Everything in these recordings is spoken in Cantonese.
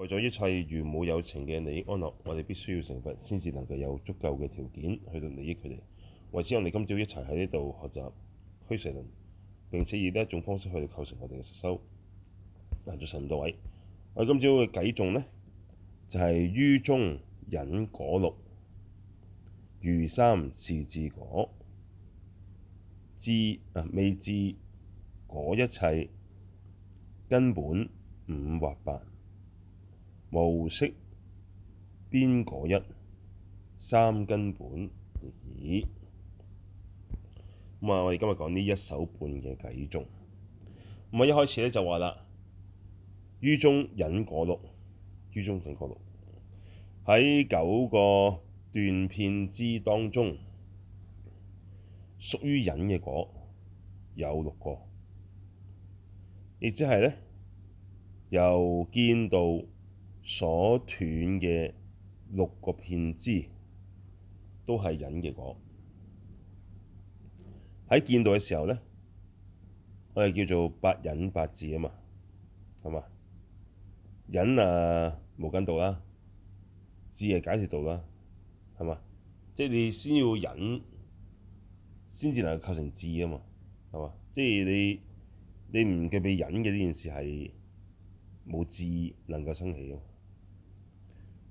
為咗一切如母有情嘅利益安樂，我哋必須要成佛，先至能夠有足夠嘅條件去到利益佢哋。為此我，我哋今朝一齊喺呢度學習俱舍論，並且以呢一種方式去到構成我哋嘅實修，能夠實踐到位。我哋今朝嘅偈頌呢，就係、是、於中忍果六，餘三是智果智、啊、未至果一切，根本五或八。無色邊果一三根本。咁啊！我哋今日講呢一首半嘅偈頌，咁啊一開始咧就話啦，於中忍果六，於中忍果六，喺九個斷遍知當中屬於忍嘅果有六個，亦即係咧由見道。所斷嘅六個遍知都係忍嘅果。我喺見到嘅時候咧，我哋叫做八忍八智啊嘛，係嘛？忍啊無間道啦，智係、啊、解脫道啦，係嘛？即係你先要忍，先至能夠構成智啊嘛，係嘛？即係你你唔具備忍嘅呢件事係冇智能夠生起嘅。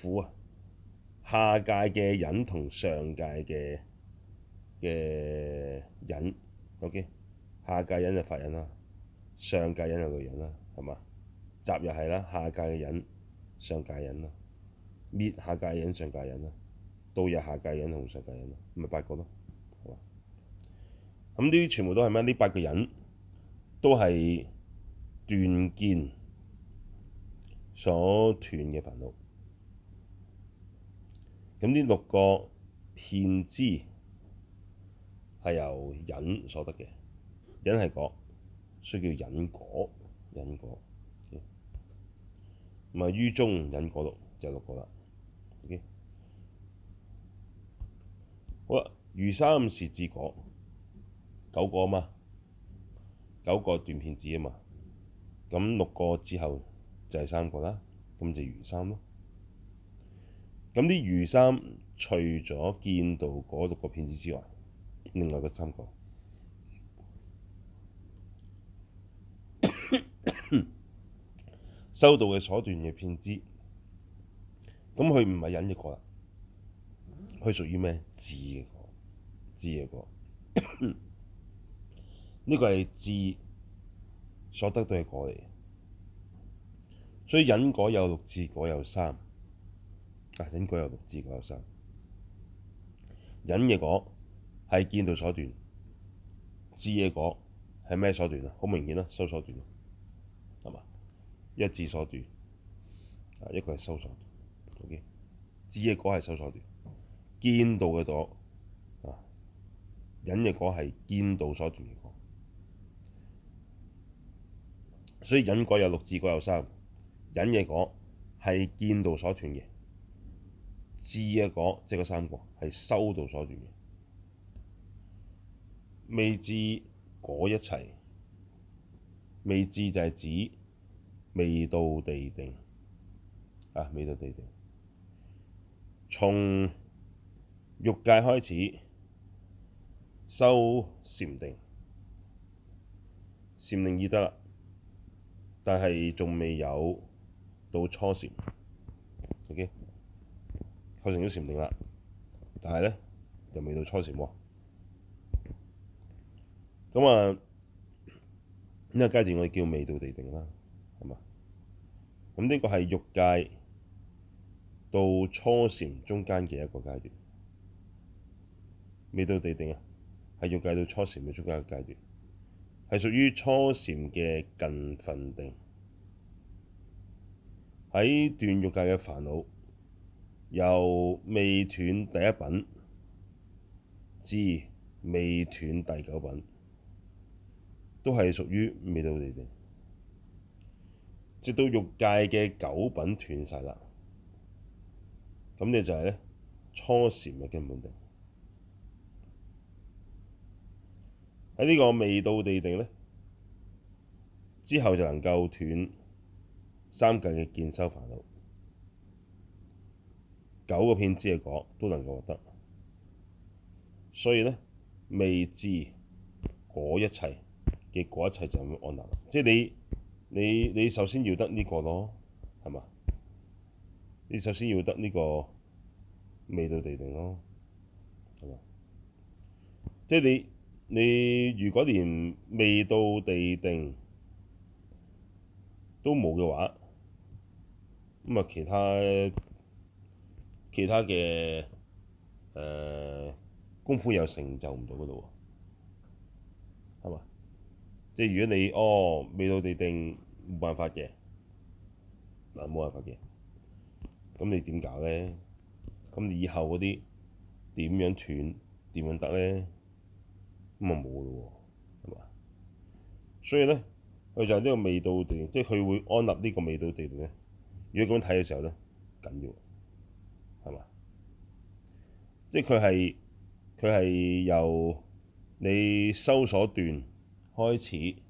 苦啊！下界嘅忍同上界嘅嘅忍，OK。下界忍就法忍啦，上界忍就類忍啦，係嘛？集又係啦，下界嘅忍，上界忍啦，滅下界忍，上界忍啦，道有下界忍同上界忍，啦，咪八、就是、個咯，咁呢啲全部都係咩？呢八個忍都係斷見所斷嘅煩惱。咁呢六個遍知係由忍所得嘅，忍係果，需要「忍」忍果忍果。咁啊於中忍果六，就係六個啦。Okay? 好啦，餘三是智果，九個啊嘛，九個斷遍知啊嘛。咁六個之後就係三個啦，咁就餘三咯。咁啲餘三除咗見到嗰六個遍知之外，另外嗰三個 修道嘅所斷嘅遍知，咁佢唔係忍果啦，佢屬於咩？智果，智果，呢個係智所得到嘅果嚟，所以忍果有六，智果有三。但忍果有六，智果有三，忍嘅果係見道所斷，智嘅果係咩所斷啊？好明顯啦，修所斷，係嘛？一字所斷，啊一個係修所斷。OK，智嘅果係修所斷，見道嘅果啊，忍嘅果係見道所斷嘅果，所以忍果有六，智果有三，忍嘅果係見道所斷嘅。智啊，嗰即係個三果，係修道所住嘅。未至果一切，未至就係指未到地定啊，未到地定。從欲界開始修禪定，禪定已得啦，但係仲未有到初禪。ok。就成咗禪定啦，但係咧又未到初禪喎。咁、嗯、啊呢、這個階段我哋叫未到地定啦，係嘛？咁、嗯、呢、這個係欲界到初禪中間嘅一個階段，未到地定啊，係欲界到初禪嘅中間嘅階段，係屬於初禪嘅近分定，喺斷欲界嘅煩惱。由未斷第一品至未斷第九品，都係屬於未到地定。直到欲界嘅九品斷晒啦，咁你就係咧初禪嘅根本定。喺呢個未到地定咧，之後就能夠斷三界嘅見修煩惱。九個遍知嘅果都能夠獲得，所以咧未至果一切嘅果一切就咁樣安立，即係你你你首先要得呢個咯，係嘛？你首先要得呢個未到地定咯，係嘛？即係你你如果連未到地定都冇嘅話，咁啊其他。其他嘅，呃、功夫又成就唔到嗰度喎，係嘛？即係如果你哦未到地定，冇辦法嘅，嗱、啊、冇辦法嘅，咁你點搞咧？咁以後嗰啲點樣斷點樣得咧？咁啊冇咯喎，係嘛？所以咧，佢就係呢個未到地定，即係佢會安立呢個未到地定咧。如果咁樣睇嘅時候咧，緊要。即係佢係佢係由你修所斷開始，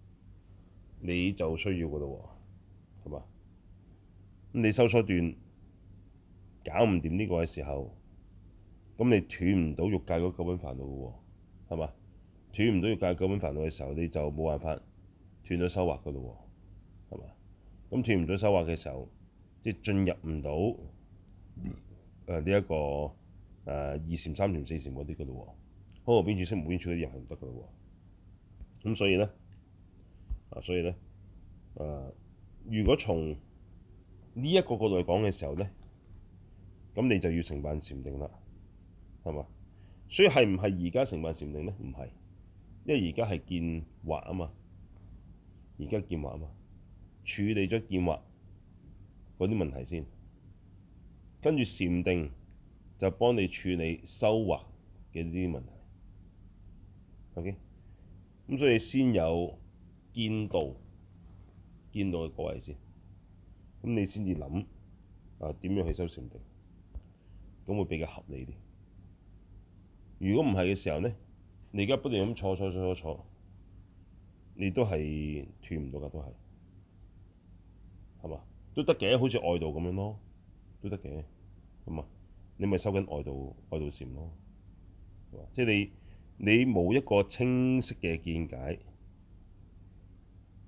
你就需要噶咯喎，係嘛？咁你修所斷搞唔掂呢個嘅時候，咁你斷唔到欲界嗰九品煩惱嘅喎，係嘛？斷唔到欲界九品煩惱嘅時候，你就冇辦法斷到修惑噶咯喎，係嘛？咁斷唔到修惑嘅時候，即係進入唔到誒呢一個。二禪、三禪、四禪嗰啲嘅咯喎，邊處識無邊處啲人係唔得嘅咯喎，咁所以咧，啊所以咧，誒、呃、如果從呢一個角度嚟講嘅時候咧，咁你就要成辦禪定啦，係嘛？所以係唔係而家成辦禪定咧？唔係，因為而家係見惑啊嘛，而家見惑啊嘛，處理咗見惑嗰啲問題先，跟住禪定。就幫你處理收穫嘅呢啲問題，OK？咁所以先有見到見到嘅各位先，咁你先至諗啊點樣去修成定，咁會比較合理啲。如果唔係嘅時候呢，你而家不斷咁坐坐坐坐坐，你都係斷唔到噶，都係係嘛？都得嘅，好似愛道咁樣咯，都得嘅咁啊。你咪修緊外道外道禪咯，係嘛？即係你你冇一個清晰嘅見解，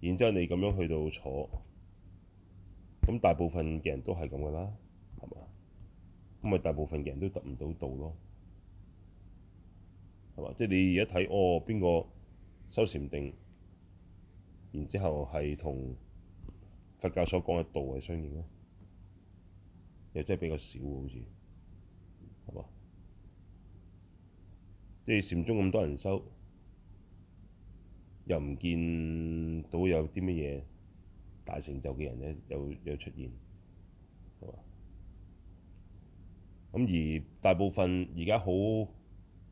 然之後你咁樣去到坐，咁大部分嘅人都係咁噶啦，係嘛？咁咪大部分嘅人都得唔到道咯，係嘛？即係你而家睇哦，邊個修禪定，然之後係同佛教所講嘅道係相應咧，又真係比較少好似，你係禪宗咁多人修，又唔見到有啲乜嘢大成就嘅人咧，又又出現係嘛？咁而大部分而家好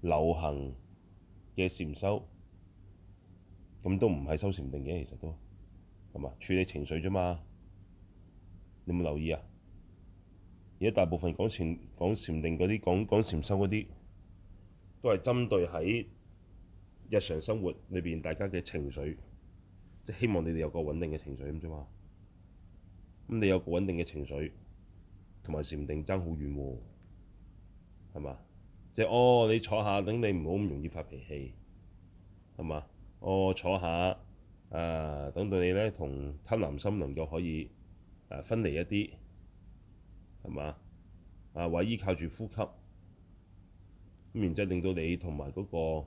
流行嘅禪修，咁都唔係修禪定嘅，其實都係嘛？處理情緒啫嘛？你有冇留意啊？而家大部分講禪、講禪定嗰啲，講講禪修嗰啲。都係針對喺日常生活裏邊大家嘅情緒，即希望你哋有個穩定嘅情緒咁啫嘛。咁你有個穩定嘅情緒，同埋禪定爭好遠喎，係嘛？即係哦，你坐下，等你唔好咁容易發脾氣，係嘛？哦，坐下，誒、啊，等到你咧同貪婪心能夠可以誒分離一啲，係嘛？啊，或依靠住呼吸。咁然之後令到你同埋嗰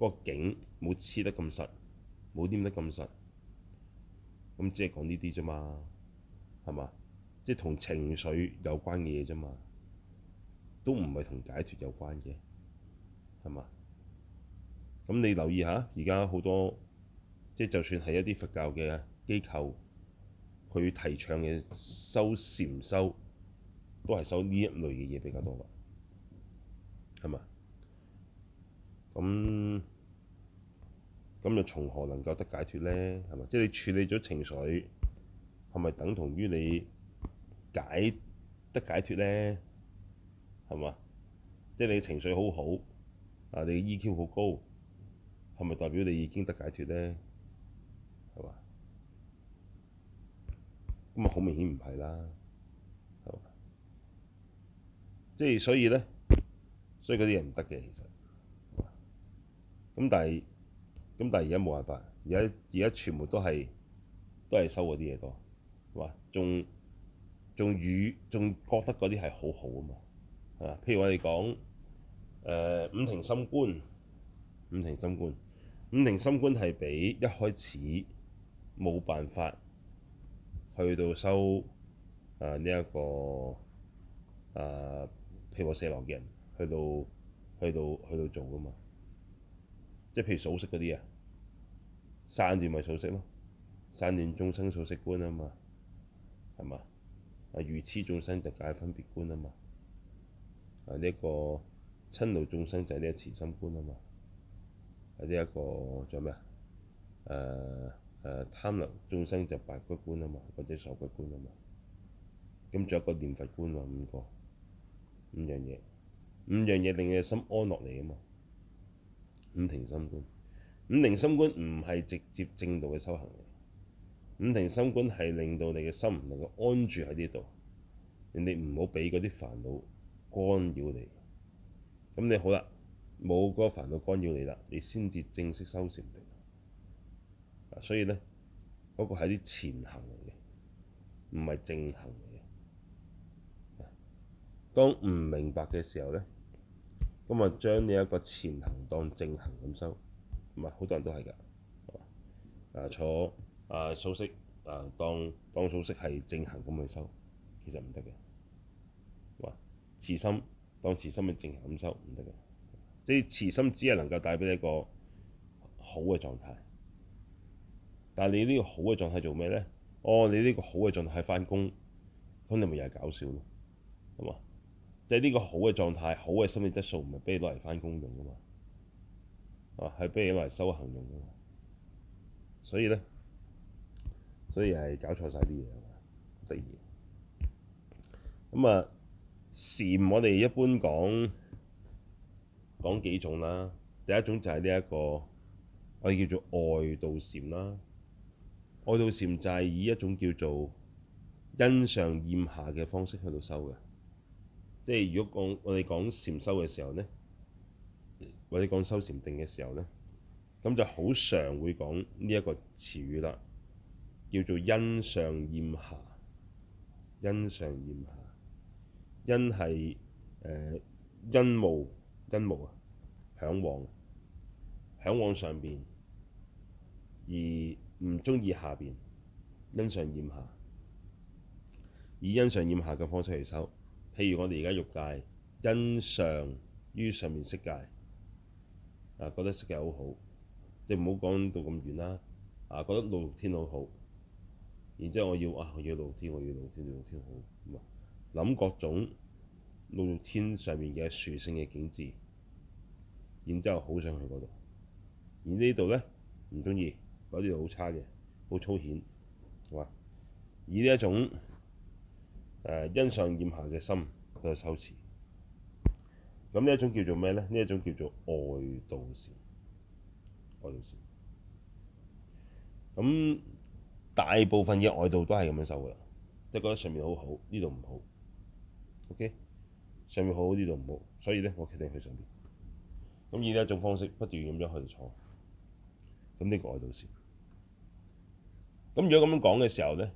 個景冇黐得咁實，冇黏得咁實，咁即係講呢啲啫嘛，係嘛？即係同情緒有關嘅嘢啫嘛，都唔係同解脫有關嘅，係嘛？咁你留意下，而家好多即係就算係一啲佛教嘅機構，佢提倡嘅修禪修，都係修呢一類嘅嘢比較多㗎。咁又從何能夠得解脱呢？係嘛？即係你處理咗情緒，係咪等同於你解得解脱呢？係嘛？即係你嘅情緒好好，啊你 EQ 好高，係咪代表你已經得解脱呢？係嘛？咁啊，好明顯唔係啦，係嘛？即係所以咧。所以嗰啲嘢唔得嘅，其實，咁但係，咁但係而家冇辦法，而家而家全部都係，都係收嗰啲嘢多，係嘛？仲仲與仲覺得嗰啲係好好啊嘛，係嘛？譬如我哋講，誒、呃、五停心觀，五停心觀，五停心觀係比一開始冇辦法去到收誒呢一個誒、呃、譬如我寫落嘅人。去到去到去到做㗎嘛，即係譬如數息嗰啲啊，散亂咪數息咯，散亂眾生數息觀啊嘛，係嘛？啊，愚痴眾生就界分別觀啊嘛，啊呢一、這個瞋怒眾生就呢個慈心觀啊嘛，啊呢一、這個仲有咩啊？誒、啊、誒貪慾眾生就白骨觀啊嘛，或者受骨觀啊嘛，咁仲有一個念佛觀喎、啊，五個五樣嘢。五樣嘢令你嘅心安落嚟啊嘛，五停心觀，五停心觀唔係直接正道嘅修行，五停心觀係令到你嘅心能夠安住喺呢度，你唔好俾嗰啲煩惱干擾你，咁你好啦，冇嗰個煩惱干擾你啦，你先至正式修成定，所以呢，嗰個係啲前行嚟嘅，唔係正行嚟嘅，當唔明白嘅時候咧。咁啊，將你一個前行當正行咁收，唔係好多人都係㗎。係嘛？啊，坐啊，修息數息啊，當當數息係正行咁去收，其實唔得嘅。係嘛，慈心當慈心係正行咁收唔得嘅。即係慈心只係能夠帶畀你一個好嘅狀態，但係你呢個好嘅狀態做咩咧？哦，你呢個好嘅狀態翻工，咁你咪又係搞笑咯，係嘛？即係呢個好嘅狀態，好嘅心理質素，唔係畀你攞嚟返工用噶嘛，係畀你攞嚟修行用噶嘛。所以咧，所以係搞錯晒啲嘢啊，得意。咁啊，禪我哋一般講講幾種啦。第一種就係呢一個我哋叫做外道禪啦，外道禪就係以一種叫做欣上厭下嘅方式去到修嘅。即係如果講我哋講禪修嘅時候呢，或者講修禪定嘅時候呢，咁就好常會講呢一個詞語啦，叫做欣上厭下。欣上厭下，欣係誒欣慕欣慕啊，嚮往嚮往上邊，而唔中意下邊，欣上厭下，以欣上厭下嘅方式去修。譬如我哋而家欲界欣上於上面色界，啊覺得色界好好，即係唔好講到咁遠啦，啊覺得露，露天好好，然之後我要啊我要露，露天，我要露，露天，我要露，露天好，唔係諗各種露，露天上面嘅樹性嘅景緻，然之後好想去嗰度，而呢度咧唔中意，嗰度好差嘅，好粗顯，係嘛？以呢一種。誒欣上厭下嘅心去修持，咁呢一種叫做咩咧？呢一種叫做外道禪，外道禪。咁大部分嘅外道都係咁樣修嘅，即係覺得上面好好，呢度唔好。OK，上面好好，呢度唔好，所以咧我決定去上面。咁以呢一種方式不斷咁樣去坐，咁呢、這個外道禪。咁如果咁樣講嘅時候咧？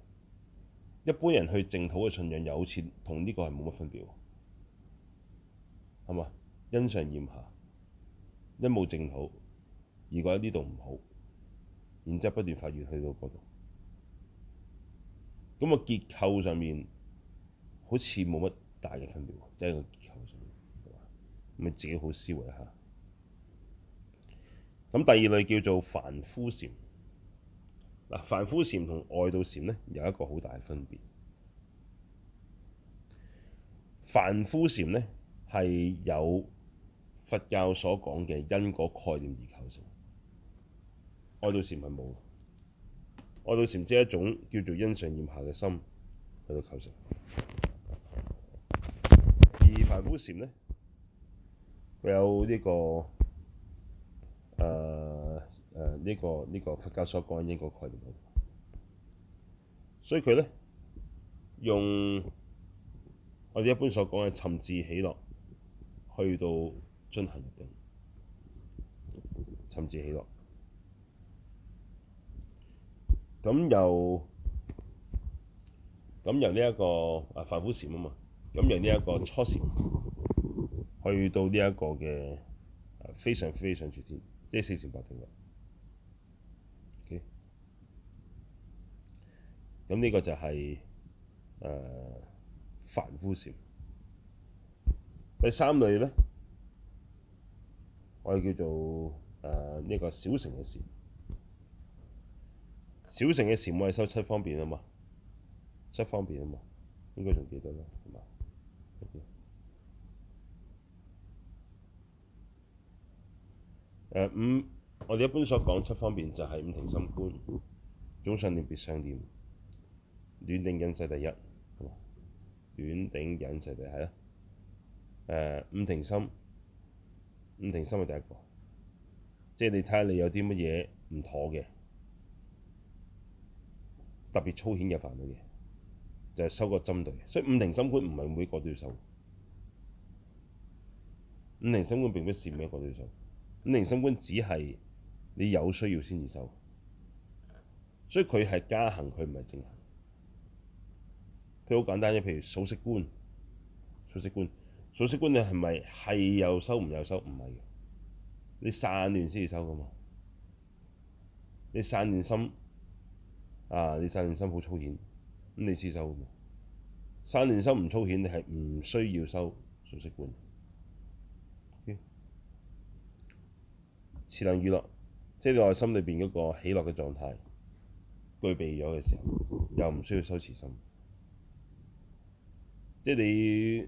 一般人去淨土嘅信仰又好似同呢個係冇乜分別，係嘛？欣上厭下，一冇淨土，而覺得呢度唔好，然之後不斷發願去到嗰度，咁啊結構上面好似冇乜大嘅分別喎，即係個結構上面，咁你、就是、自己好思維下。咁第二類叫做凡夫禪。嗱，凡夫禪同愛到禪呢，有一個好大嘅分別。凡夫禪呢，係有佛教所講嘅因果概念而構成，愛到禪唔係冇。愛到禪只係一種叫做欣上厭下嘅心喺度構成，而凡夫禪呢，佢有呢、呢個誒。呃呢、呃這個呢、這個佛教所講嘅呢個概念，所以佢咧用我哋一般所講嘅尋伺喜樂去到進行決定，尋伺喜樂咁由咁由呢一個啊凡夫禪啊嘛，咁由呢一個初禪，去到呢一個嘅非想非非想天，即係四禪八定嘅。咁呢個就係、是、誒、呃、凡夫禪。第三類咧，我哋叫做誒呢、呃這個小乘嘅禪。小乘嘅禪冇係修七方便啊嘛，七方便啊嘛，應該仲記得啦，係嘛？誒五、嗯，我哋一般所講七方便就係、是、五停心觀、總相念，念、別相念，煖頂忍世第一，係嘛？煖頂忍世第一係咯、呃。五停心，五停心係第一個，即係你睇下你有啲乜嘢唔妥嘅，特別粗顯嘅煩惱嘅，就係、是、收個針對。所以五停心觀唔係每個都要收，五停心觀並唔係每一個都要收。五停心觀只係你有需要先至收，所以佢係加行，佢唔係正行。都好簡單啫，譬如數息觀、數息觀、數息觀，你係咪係有修唔有修？唔係你散亂先至修噶嘛。你散亂心啊，你散亂心好粗顯，咁你先修。散亂心唔粗顯，你係唔需要修數息觀。慈、okay? 能與樂，即、就、係、是、你內心裏邊嗰個喜樂嘅狀態具備咗嘅時候，又唔需要修慈心。即係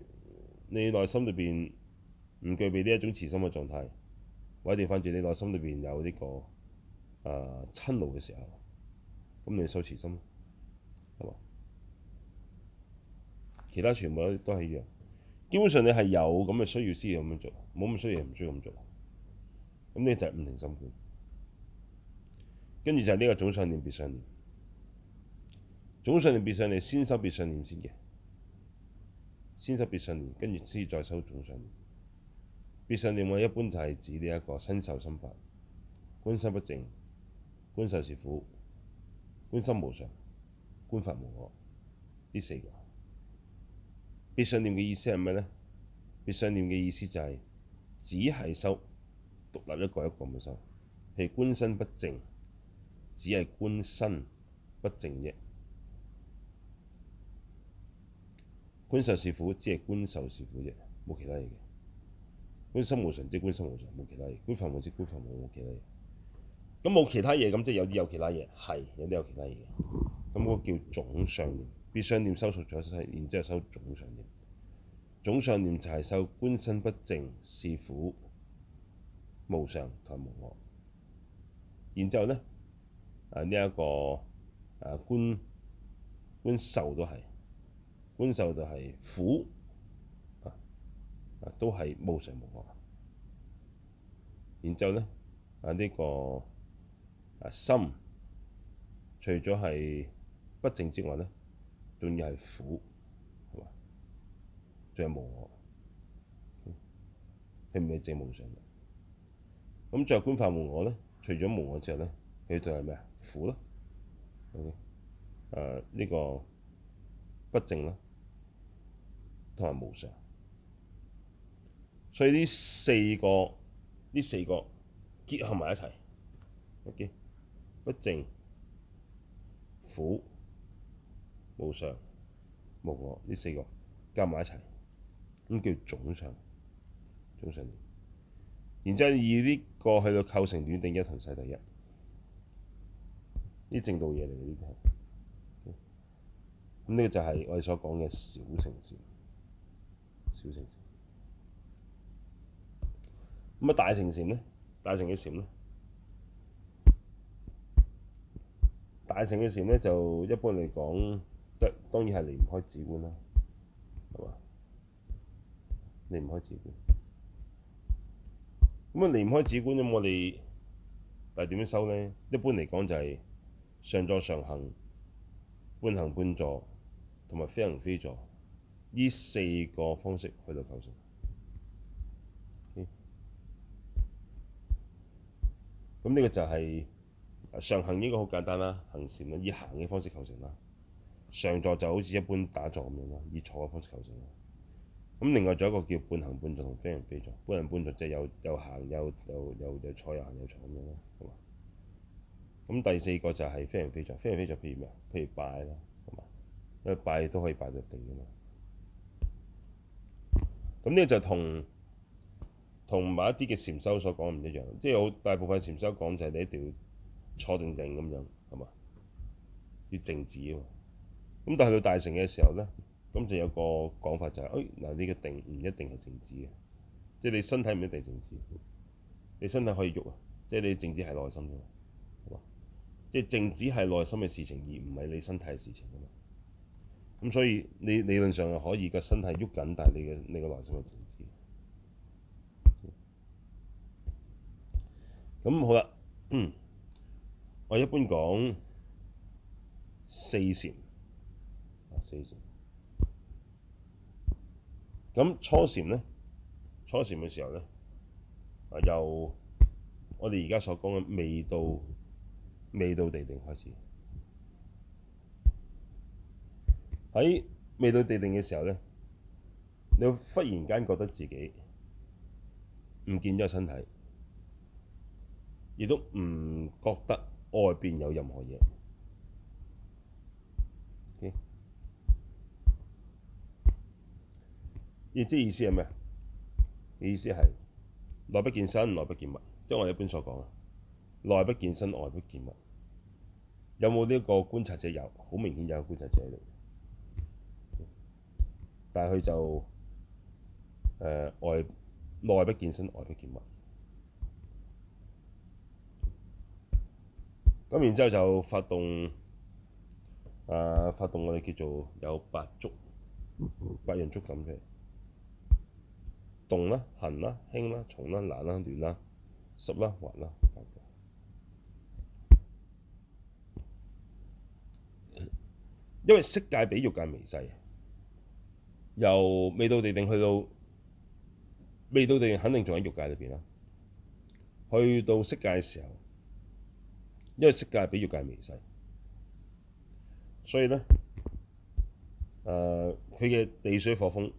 你，你內心裏邊唔具備呢一種慈心嘅狀態，或者反轉你內心裏邊有呢、這個啊、呃、親怒嘅時候，咁你收慈心，係嘛？其他全部都都係一樣。基本上你係有咁嘅需要先至咁樣做，冇咁嘅需要唔需要咁做？咁呢就係五停心觀，跟住就係呢個總相念別相念，總相念別相念，先收別相念先嘅。先修別信念，跟住先再修總信。別信念我一般就係指呢一個身受心法，觀身不淨，觀受是苦，觀心無常，觀法無我，呢四個。別信念嘅意思係咩呢？別信念嘅意思就係、是、只係修，獨立一個一個冇修，係觀身不淨，只係觀身不淨啫。觀受是苦，只係觀受是苦啫，冇其他嘢嘅。觀心無常，即係觀心無常，冇其他嘢。觀法無止，觀法無冇其他嘢。咁冇其他嘢，咁即係有啲有其他嘢，係有啲有其他嘢嘅。咁、那、嗰個叫總相念，別相念收縮咗身，然之後收總相念。總相念就財壽觀身不正是苦、無常同埋無我。然之後咧，誒呢一個誒、啊、觀觀受都係。觀受就係苦，都係無常無我。然之後呢，啊、這、呢個心，除咗係不淨之外呢，仲要係苦，仲有無我，係唔係正無常？咁作觀法無我呢，除咗無我之後呢，佢對係咩啊？苦咯，O K，呢個不淨咯。同埋無常，所以呢四個呢四個結合埋一齊，okay? 不淨苦無常無我，呢四個加埋一齊，咁叫總相總相。然之後以呢個去到構成煖頂忍同世第一，呢正道嘢嚟嘅呢個，咁呢個就係我哋所講嘅小城市。咁啊大乘禪呢？大乘嘅禪呢？大乘嘅禪呢？就一般嚟講，得當然係離唔開止觀啦，係嘛？離唔開止觀，咁啊離唔開止觀，咁我哋但係點樣修呢？一般嚟講就係上座上行，半行半座，同埋非行非座。依四個方式去到構成，咁、okay? 呢個就係上行，呢個好簡單啦，行禪啦，以行嘅方式構成啦。上座就好似一般打坐咁樣啦，以坐嘅方式構成啦。咁另外仲有一個叫半行半坐同非行非坐。半行半坐就有又行有又又又坐，有行有，有，有，有，有坐咁樣啦，咁第四個就係非行非坐。非行非坐，譬如咩啊？譬如拜啦，因為拜都可以拜到地㗎嘛。咁呢、嗯這個就同同埋一啲嘅禪修所講唔一樣，即係好大部分禪修講就係你一定要坐定定咁樣，係嘛？要靜止啊嘛。咁但係到大乘嘅時候咧，咁就有一個講法就係、是：，哎嗱，呢、這個定唔一定係靜止嘅，即係你身體唔一定靜止，你身體可以喐啊，即係你靜止係內心啫，係嘛？即係靜止係內心嘅事情而唔係你身體嘅事情。咁所以你理論上係可以個身體喐緊，但係你嘅你嘅內心係靜止。咁、嗯、好啦，嗯，我一般講四禪，啊、四禪。咁初禪呢，初禪嘅時候咧，啊由我哋而家所講嘅未到，未到地定開始。喺未到地定嘅時候咧，你會忽然間覺得自己唔見咗身體，亦都唔覺得外邊有任何嘢。你、okay? 知意思係咩？意思係內不見身，內不見物，即、就、係、是、我一般所講啊，內不見身，外不見物。有冇呢個觀察者？有，好明顯有個觀察者嚟。但係佢就誒外內不見身，外不見物。咁然之後就發動誒發動我哋叫做有八觸八樣觸感嘅動啦、痕啦、輕啦、重啦、冷啦、暖啦、濕啦、滑啦，因為色界比欲界微細啊。由未到地定去到未到地定，肯定仲喺欲界裏邊啦。去到色界嘅時候，因為色界係比欲界微細，所以咧誒，佢、呃、嘅地水火風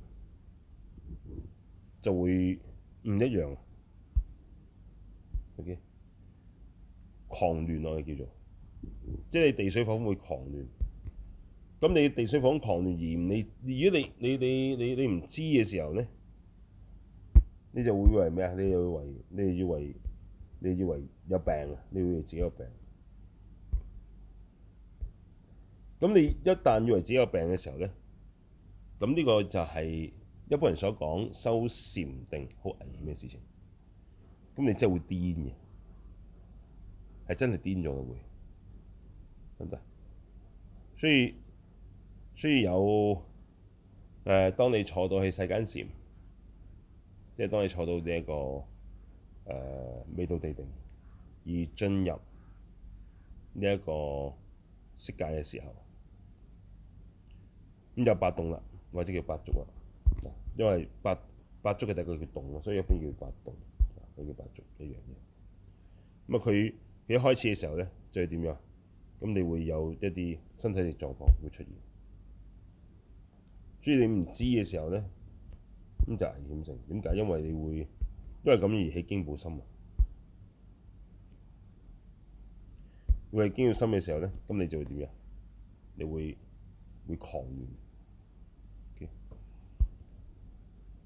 就會唔一樣。OK，狂亂啊！我哋叫做，即係地水火風會狂亂。咁你地水火空痰鹽，你如果你你你你你唔知嘅時候咧，你就會以為咩啊？你會以為你以為你以為有病啊？你以為自己有病？咁你一旦以為自己有病嘅時候咧，咁呢個就係一般人所講修禪定好危險嘅事情。咁你真係會癲嘅，係真係癲咗嘅會，得唔得？所以。雖然有誒、呃，當你坐到喺世間禪，即係當你坐到呢一個誒未到地定而進入呢一個色界嘅時候，咁就八動啦，或者叫八觸啦。因為八八觸嘅第一個叫動，所以一般叫八動。佢叫八觸一樣嘢。咁啊，佢佢一開始嘅時候咧，就係、是、點樣？咁你會有一啲身體嘅狀況會出現。所以你唔知嘅時候咧，咁就危險性。點解？因為你會因為咁而起驚怖心啊！會驚怖心嘅時候咧，咁你就會點樣？你會會狂亂嘅。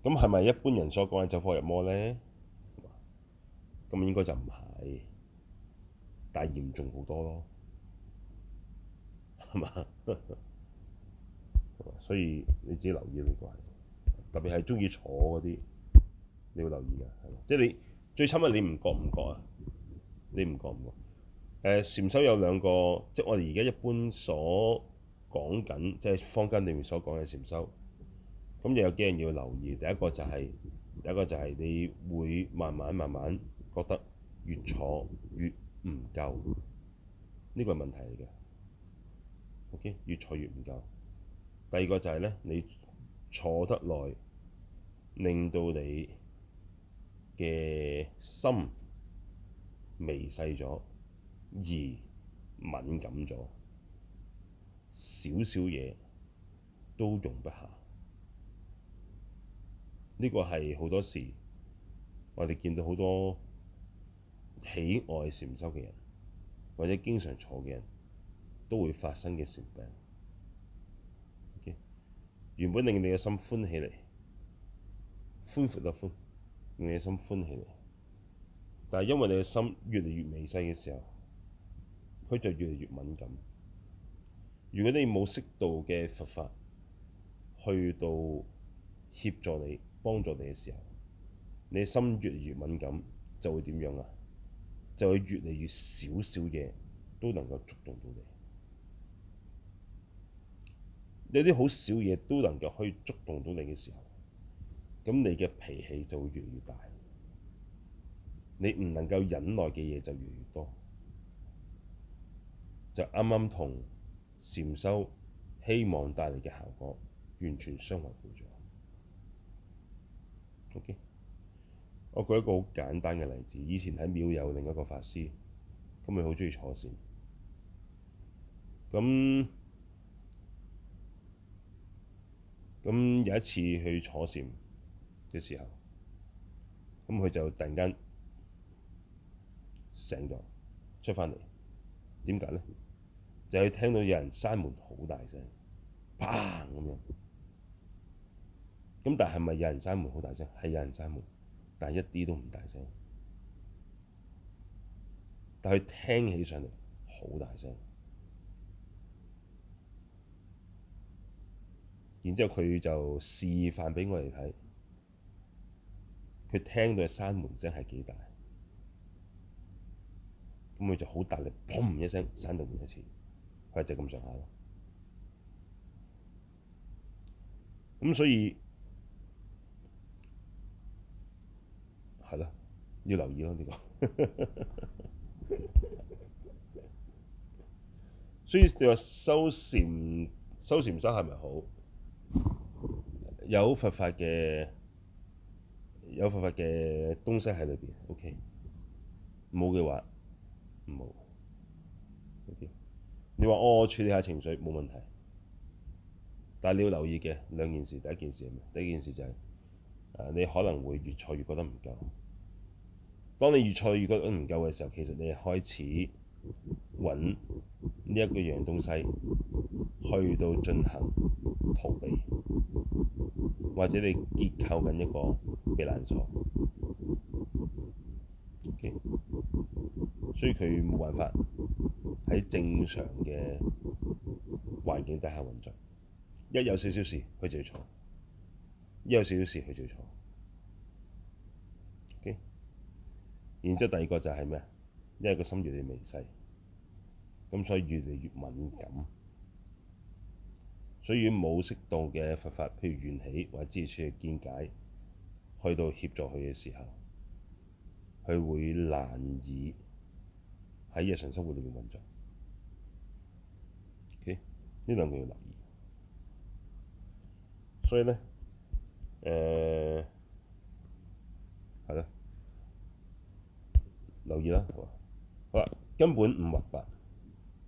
咁係咪一般人所講嘅走火入魔咧？咁應該就唔係，但係嚴重好多咯，係嘛？所以你自己留意呢個，特別係中意坐嗰啲，你要留意嘅係，即係你最慘係你唔覺唔覺啊！你唔覺唔覺誒、呃？禪修有兩個，即係我哋而家一般所講緊，即係坊間裡面所講嘅禪修。咁又有啲人要留意，第一個就係，第一個就係你會慢慢慢慢覺得越坐越唔夠，呢個係問題嚟嘅。O.K.，越坐越唔夠。第二個就係、是、咧，你坐得耐，令到你嘅心微細咗，而敏感咗，少少嘢都容不下。呢、這個係好多時我哋見到好多喜愛禪修嘅人，或者經常坐嘅人都會發生嘅禪病。原本令你嘅心歡起嚟，歡活得歡，令你嘅心歡起嚟。但係因為你嘅心越嚟越微細嘅時候，佢就越嚟越敏感。如果你冇適度嘅佛法去到協助你、幫助你嘅時候，你嘅心越嚟越敏感，就會點樣啊？就會越嚟越少少嘢都能夠觸動到你。呢啲好少嘢都能夠可以觸動到你嘅時候，咁你嘅脾氣就會越嚟越大，你唔能夠忍耐嘅嘢就越嚟越多，就啱啱同禪修希望帶嚟嘅效果完全相違背咗。OK，我舉一個好簡單嘅例子，以前喺廟有另一個法師，咁佢好鍾意坐禪，咁。咁有一次去坐禪嘅時候，咁佢就突然間醒咗，出翻嚟，點解咧？就係聽到有人閂門好大聲，砰咁樣。咁但係咪有人閂門好大聲？係有人閂門，但係一啲都唔大聲，但係聽起上嚟好大聲。然之後佢就示範畀我哋睇，佢聽到嘅閂門聲係幾大，咁佢就好大力砰一聲閂到門前直到一次，佢就直咁上下咯。咁所以係咯，要留意咯呢、這個。 所以你話修禪，修禪唔收係咪好？有佛法嘅有佛法嘅東西喺裏邊，OK。冇嘅話，冇。o、OK？你話我處理下情緒冇問題，但係你要留意嘅兩件事，第一件事係咩？第一件事就係、誒、你可能會越錯越覺得唔夠。當你越錯越覺得唔夠嘅時候，其實你係開始。揾呢一個樣東西去到進行逃避，或者你結構緊一個避難所，okay，所以佢冇辦法喺正常嘅環境底下運作。一有少少事佢就錯，一有少少事佢就錯，okay。然之後第二個就係咩？因為個心越嚟越微細，咁所以越嚟越敏感，所以冇適度嘅佛法，譬如緣起或者支持嘅見解，去到協助佢嘅時候，佢會難以喺日常生活裏面運作。OK，呢兩個要留意，所以咧，誒、呃，係咯，留意啦。根本五或八，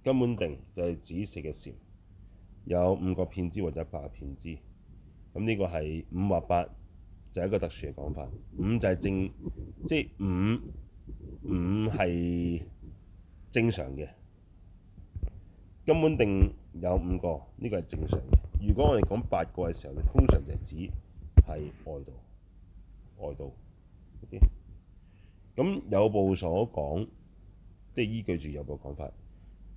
根本定就係指四個禪，有五個遍知或者八個遍知。咁呢個係五或八，就係一個特殊嘅講法。五就係正，即係五五係正常嘅。根本定有五個，呢、這個係正常嘅。如果我哋講八個嘅時候，通常就係指喺外道，外道嗰咁，okay? 有部所講。即係依據住有部講法，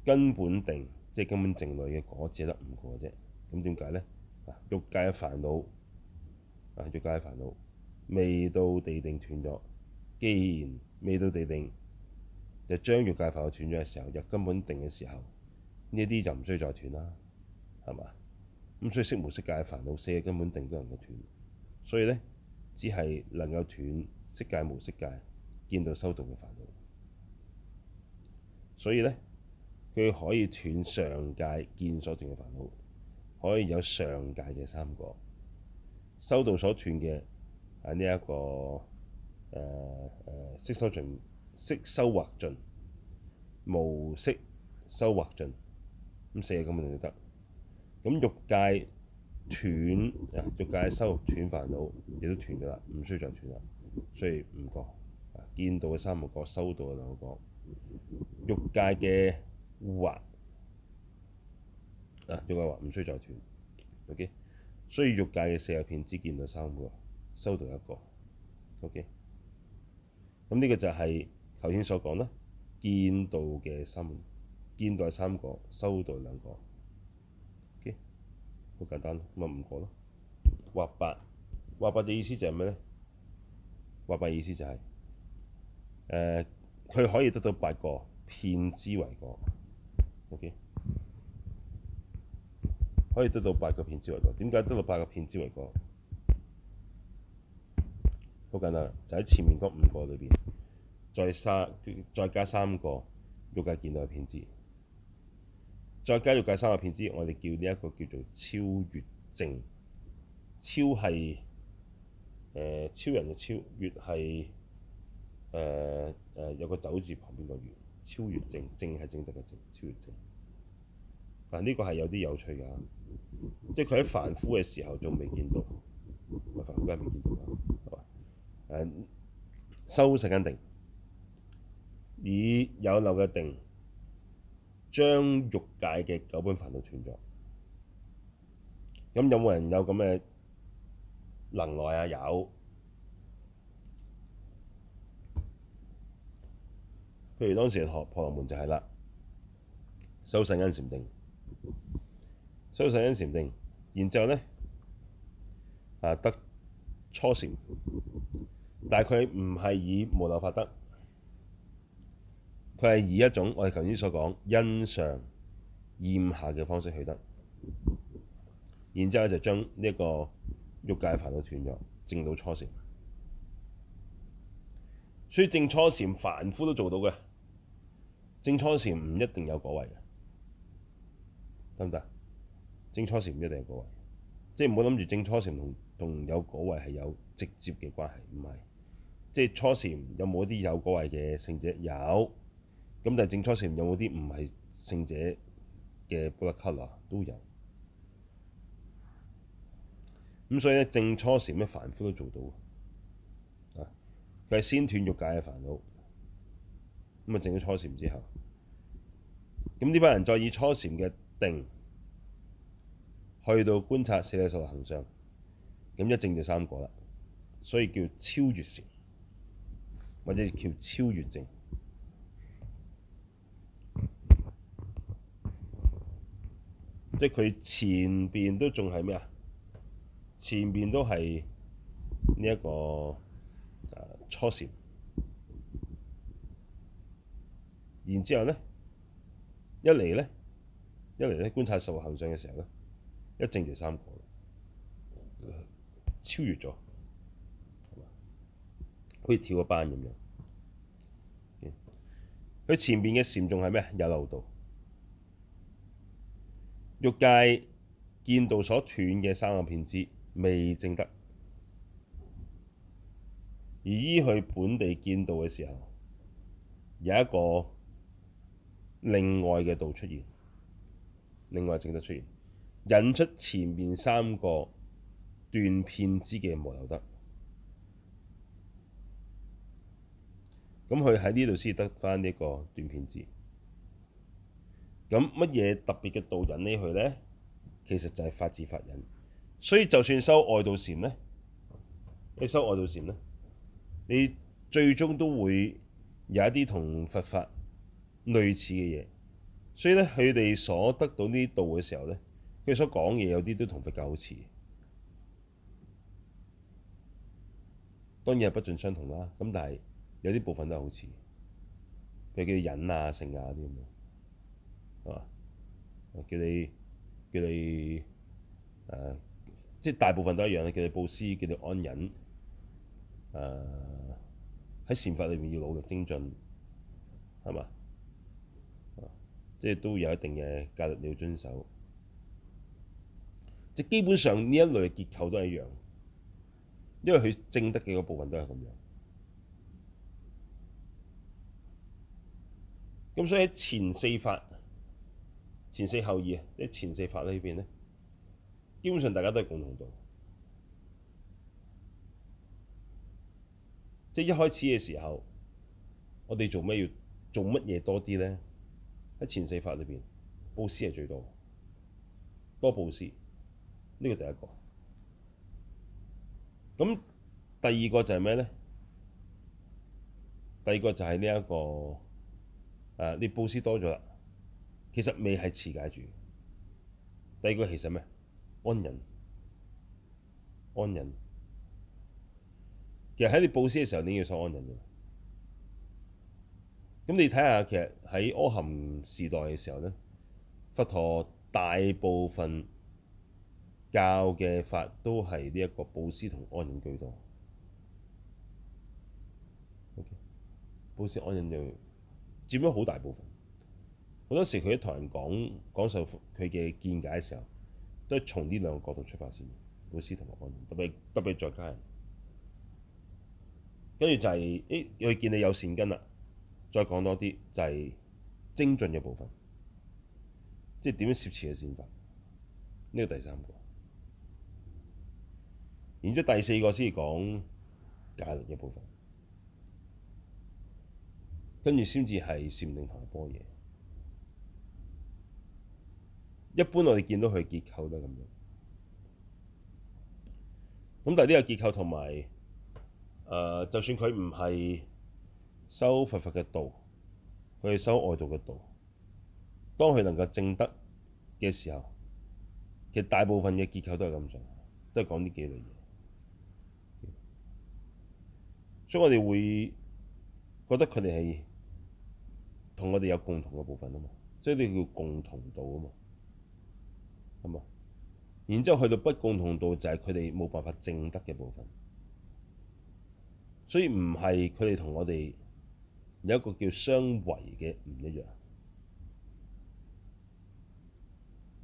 根本定即係根本靜慮嘅果只得五個啫。咁點解呢？嗱，欲界嘅煩惱，嗱，欲界嘅煩惱未到地定斷咗，既然未到地定，就將欲界煩惱斷咗嘅時候入根本定嘅時候，呢啲就唔需要再斷啦，係嘛？咁所以色無色界嘅煩惱四個根本定都能夠斷，所以呢，只係能夠斷色界無色界見道修道嘅煩惱。所以呢，佢可以斷上界見所斷嘅煩惱，可以有上界嘅三個，修道所斷嘅啊，呢一個誒誒色修盡色修惑盡無色修惑盡，咁四個根本就得。咁欲界斷啊，欲界修斷煩惱亦都斷咗啦，唔需要再斷啦，所以五個見道嘅三個，修道嘅兩個。欲界嘅惑啊，欲界惑唔需要再斷，OK。所以欲界嘅四個遍知只見道三個，修道一個，OK。咁呢個就係頭先所講啦，見道嘅三，見道三個，修道兩個，OK。好簡單，咪五個咯。或八，或八嘅意思就係咩呢？或八意思就係、是，誒、呃。佢可以得到八個遍知為果，OK？可以得到八個遍知為果，點解得到八個遍知為果？好簡單！就喺前面嗰五個裏邊，再三再加三個欲界見到嘅遍知。再加欲界三個遍知。我哋叫呢一個叫做超越證。超係，誒、呃、超人嘅超，越係，越係。誒誒、呃呃、有個走字旁邊個越，超越正，正係正德嘅正，超越正，但呢、啊這個係有啲有趣㗎，即係佢喺凡夫嘅時候仲未見道，凡夫都未見道㗎，係嘛？誒，修世間定，以有漏嘅定，將欲界嘅九品煩惱斷咗。咁有冇人有咁嘅能耐啊？有。如當時係學婆羅門就係啦，修世間禪定，修世間禪定，然之後呢，啊得初禪，但佢唔係以無漏法得，佢係以一種我哋頭先所講欣上厭下嘅方式去得，然之後就將呢一個欲界煩惱斷咗，證到初禪，所以證初禪凡夫都做到嘅。證初禪唔一定有果位嘅，得唔得？證初禪唔一定有果位，即係唔好諗住證初禪同同有果位係有直接嘅關係，唔係。即係初禪有冇啲有果位嘅聖者？有，咁但係證初禪有冇啲唔係聖者嘅布勒克？啦都有，咁所以咧證初禪咩凡夫都做到啊，佢係先斷欲界嘅煩惱。咁啊，證咗初禪之後，咁呢班人再以初禪嘅定去到觀察四個諦嘅行相，咁一證就三個啦，所以叫超越禪，或者叫超越證，即係佢前邊都仲係咩啊？前邊都係呢一個初禪。然之後呢，一嚟呢，一嚟呢，觀察十六行相嘅時候呢，一證就三個，超越咗，好似跳個班咁樣。佢前面嘅禪仲係咩？有漏道，欲界見道所斷嘅三個遍知未證得，而依根本地見道嘅時候有一個。另外嘅道出現，另外淨得出現，引出前面三個斷遍知嘅無漏得，咁佢喺呢度先得返呢一個斷遍知。咁乜嘢特別嘅道引呢？佢咧，其實就係法智法忍，所以就算修外道禪咧，你修外道禪咧，你最終都會有一啲同佛法類似嘅嘢，所以咧，佢哋所得到呢度嘅時候咧，佢所講嘢有啲都同佛教好似，當然係不盡相同啦。咁但係有啲部分都係好似，佢叫忍啊、性啊啲咁咯，係嘛？叫你叫你誒，即係大部分都一樣啦。叫你布施，叫你安忍，誒喺善法裏面要努力精進，係嘛？即係都有一定嘅戒律你要遵守，即係基本上呢一類嘅結構都係一樣，因為佢正得幾個部分都係咁樣。咁所以喺前四法、前四後二啊，即係前四法呢邊咧，基本上大家都係共同道。即係一開始嘅時候，我哋做乜要做乜嘢多啲咧？喺前四法裏邊，布施係最多，多布施，呢個第一個。咁第二個就係咩咧？第二個就係呢一個，這個，誒，啊，你布施多咗啦，其實未係持戒住。第二個其實咩？安忍，安忍，其實喺你布施嘅時候，你要想安忍啫。咁你睇下，其實喺阿含時代嘅時候咧，佛陀大部分教嘅法都係呢一個布施同安忍居多。Okay，布施安忍就佔咗好大部分。好多時佢喺同人講講述佢嘅見解嘅時候，都係從呢兩個角度出發先。布施同埋安忍，特別特別在家人，跟住就係、是、誒，佢、欸、見你有善根啦。再講多啲就係、是、精進嘅部分，即係點樣涉獵嘅線法，呢個第三個。然之後第四個先係講解律嘅部分，跟住先至係禪定下波嘢。一般我哋見到佢結構都係咁樣，咁但係呢個結構同埋誒，就算佢唔係。修佛法嘅道，佢哋修外道嘅道。當佢能夠證得嘅時候，其實大部分嘅結構都係咁上下，都係講呢幾類嘢。所以我哋會覺得佢哋係同我哋有共同嘅部分啊嘛，即係叫共同道啊嘛，係嘛？然之後去到不共同道就係佢哋冇辦法證得嘅部分。所以唔係佢哋同我哋。有一個叫相違嘅唔一樣，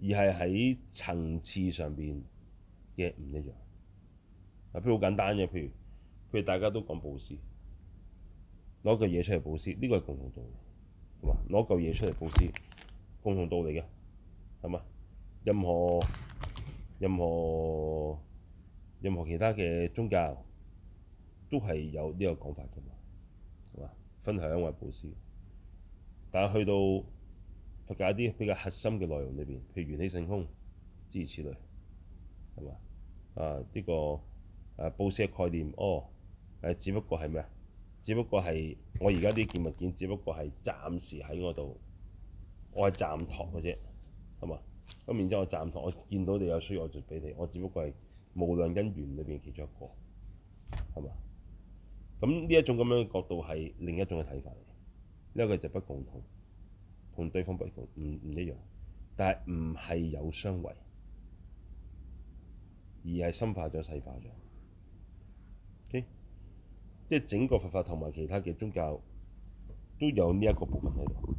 而係喺層次上邊嘅唔一樣。嗱，譬如好簡單嘅，譬如譬如大家都講布施，攞個嘢出嚟布施，呢個係共同道理。係嘛？攞嚿嘢出嚟布施，共同道理嘅，係嘛？任何任何任何其他嘅宗教都係有呢個講法嘅。分享或佈施，但係去到佛教一啲比較核心嘅內容裏邊，譬如緣起性空諸如此類，係嘛？啊呢個啊佈施嘅概念，哦，係只不過係咩？只不過係我而家啲件物件，只不過係暫時喺我度，我係暫託嘅啫，係嘛？咁然之後我暫託，我見到你有需要，我就俾你。我只不過係無量因緣裏邊其中一個，係嘛？咁呢一種咁樣嘅角度係另一種嘅睇法嚟。呢、這、一個就不共同，同對方不共，唔唔一樣，但係唔係有相違，而係深化咗細化咗。即、okay? 係整個佛法同埋其他嘅宗教都有呢一個部分喺度，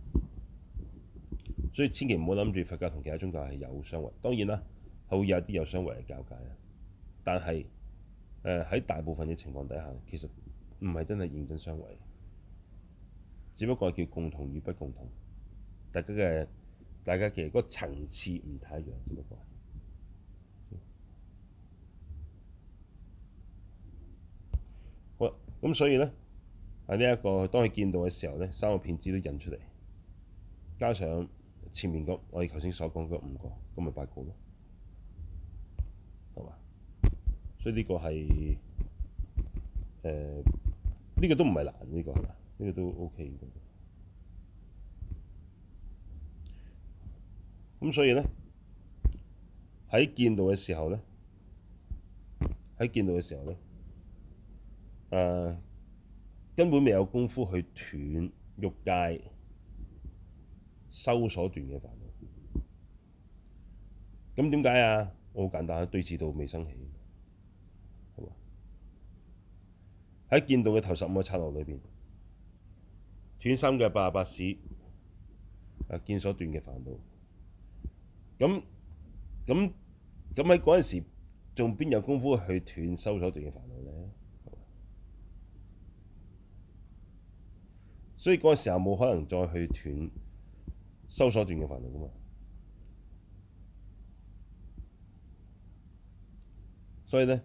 所以千祈唔好諗住佛教同其他宗教係有相違。當然啦，好有啲有相違嘅交界啊，但係誒喺大部分嘅情況底下，其實。唔係真係認真相違，只不過係叫共同與不共同，大家嘅大家其實嗰個層次唔太一樣，只不過。好，咁所以呢，喺呢一個當你見到嘅時候呢，三個遍知都引出嚟，加上前面嗰我哋頭先所講嗰五個，咁咪八個咯，係嘛？所以呢個係誒。呃呢個都唔係難，呢、這個呢、這個都 OK 嘅。咁所以呢，喺見到嘅時候呢，喺見到嘅時候呢，誒、呃、根本未有功夫去斷欲界修所斷嘅煩惱。咁點解啊？我好簡單，對治道未生起。喺見道嘅頭十五個剎那裏邊，斷三界八十八使，啊見所斷嘅煩惱。咁咁咁喺嗰陣時，仲邊有功夫去斷修所斷嘅煩惱呢？所以嗰陣時候冇可能再去斷修所斷嘅煩惱噶嘛。所以呢。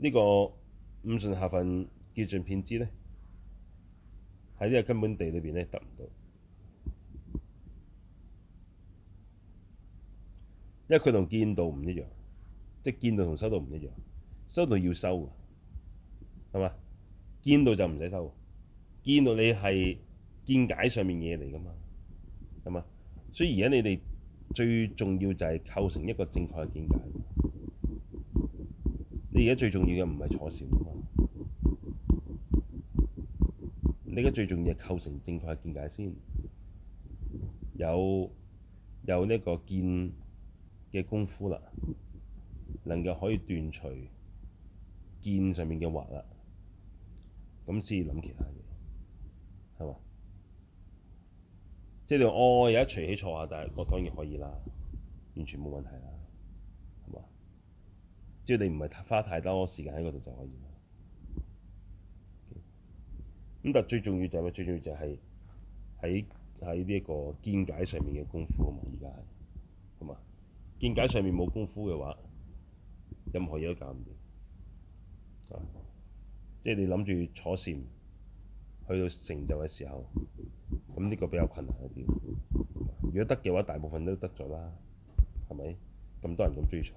這個、呢個五順下分結盡遍知咧，喺呢個根本地裏邊咧得唔到，因為佢同見道唔一樣，即係見道同修道唔一樣，修道要修，㗎，係嘛？見道就唔使修，㗎，見道你係見解上面嘢嚟㗎嘛，係嘛？所以而家你哋最重要就係構成一個正確嘅見解。而家最重要嘅唔係坐禪啊嘛，你而家最重要係構成正確嘅見解先，有，有有呢個見嘅功夫啦，能夠可以斷除見上面嘅惑啦，咁先諗其他嘢，係嘛？即係話哦，有一除起坐啊，但係我當然可以啦，完全冇問題啦。只要你唔係花太多時間喺嗰度就可以。咁、okay。但最重要就係咩？最重要就係喺喺呢一個見解上面嘅功夫啊嘛！而家係，咁啊，見解上面冇功夫嘅話，任何嘢都搞唔掂。啊，即係你諗住坐禪，去到成就嘅時候，咁呢個比較困難一啲。如果得嘅話，大部分都得咗啦，係咪？咁多人咁中意坐。